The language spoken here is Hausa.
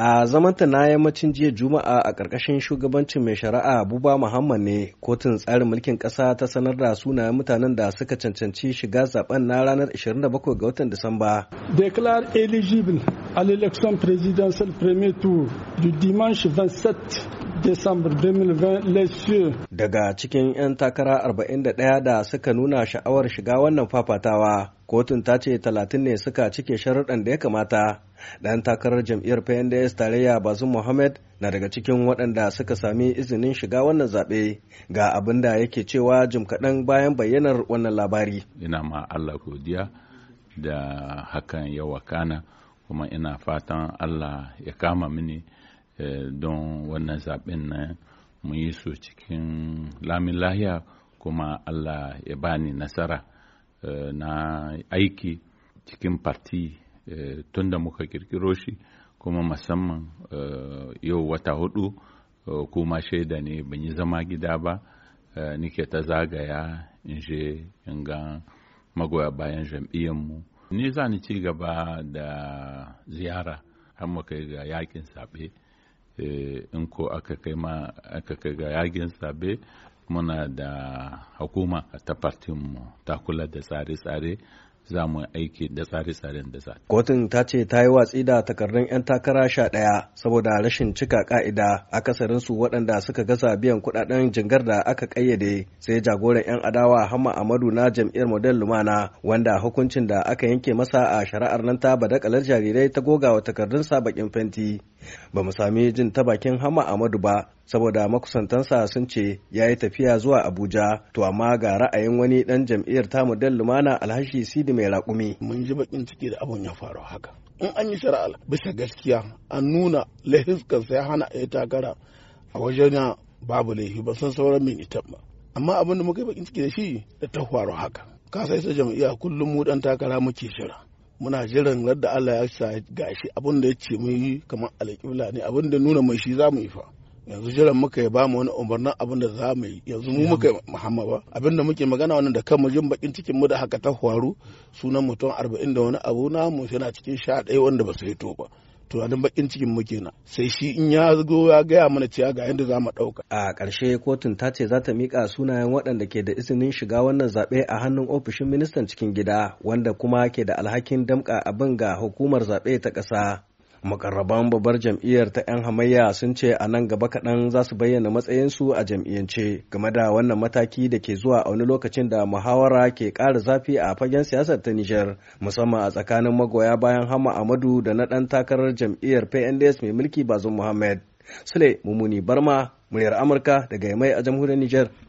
a zamanta na yammacin jiya juma'a a ƙarƙashin shugabancin mai shari'a buba muhammad ne kotun tsarin mulkin ƙasa ta sanar da sunayen mutanen da suka cancanci shiga zaben na ranar 27 ga watan disamba declare eligible à l'élection presidential premier tour du dimanche 27 December 2020 Daga cikin 'yan takara 41 da suka nuna sha'awar shiga wannan fafatawa, kotun ta ce 30 ne suka cike sharuɗan da ya kamata. Ɗan takarar jam'iyyar PNDS tarayya Bazum Mohammed na daga cikin waɗanda suka sami izinin shiga wannan zaɓe ga abin da yake cewa jim kaɗan bayan bayyanar wannan labari. Ina ma Allah godiya da hakan ya wakana kuma ina fatan Allah ya kama mini. Eh, don wannan zaɓen na mu yi su cikin lamin lahiya kuma allah ya bani nasara eh, na aiki cikin parti eh, tun da muka kirkiro shi kuma musamman yau wata hudu kuma shaida ne ban yi zama gida ba nike ta zagaya in je in ga magoya bayan mu. ni za ni ci gaba da ziyara har mu kai ga yakin saɓe Eh, in ko aka kai ma aka kai ga yagin sabe muna da hukuma ta partinmu ta kula da tsare-tsare za mu aiki da tsare-tsaren da za. Kotun ta ce ta yi watsi da takardun 'yan takara sha ɗaya saboda rashin cika ka'ida akasarin su waɗanda suka gasa biyan kuɗaɗen jingar da aka ƙayyade sai jagoran 'yan adawa Hamma Amadu na jam'iyyar Model Lumana wanda hukuncin da aka yanke masa a shari'ar nan ta badakalar jarirai ta gogawa takardun sa bakin fenti. Ba mu sami jin ta bakin Hamma Amadu ba saboda makusantansa sun ce ya yi tafiya zuwa Abuja to amma ga ra'ayin wani ɗan jam'iyyar ta Model Lumana Alhashi Sidi mai raƙumi. Mun ji bakin ciki da abun ya faru haka. In an yi shari'a bisa gaskiya an nuna lahiskan ya hana ya takara a wajen babu laifi ba san sauran min ita ba. Amma abin da muka yi bakin ciki da shi da ta faru haka. Ka sai sa jam'iyya kullum mu dan takara muke shira. muna jiran da Allah ya sa gashi abin da ya ce mu yi kamar alƙibla ne abin da nuna mai shi za mu yi fa yanzu jiran muka ya bamu wani umarnin abin da za mu yi yanzu mu muka muhammad ba abin da muke magana wannan da kan jin bakin cikin mu da haka ta faru sunan mutum arba'in da wani abu na mu yana cikin sha ɗaya wanda ba su to ba to a bakin cikin mu kenan sai shi in ya zo ya gaya mana cewa ga yadda za mu ɗauka. a ƙarshe kotun ta ce za ta miƙa sunayen waɗanda ke da izinin shiga wannan zaɓe a hannun ofishin ministan cikin gida wanda kuma ke da alhakin damƙa abin ga hukumar zaɓe ta ƙasa makarraban babbar jam'iyyar ta 'yan hamayya sun ce a nan gaba kaɗan za su bayyana matsayinsu a jam'iyyance game da wannan mataki da ke zuwa a wani lokacin da muhawara ke ƙara zafi a fagen siyasar ta nijar musamman a tsakanin magoya bayan hama amadu da na ɗan takarar jam'iyyar pnds mai mulki bazum muhammad sule mumuni barma muryar amurka daga mai a jamhuriyar nijar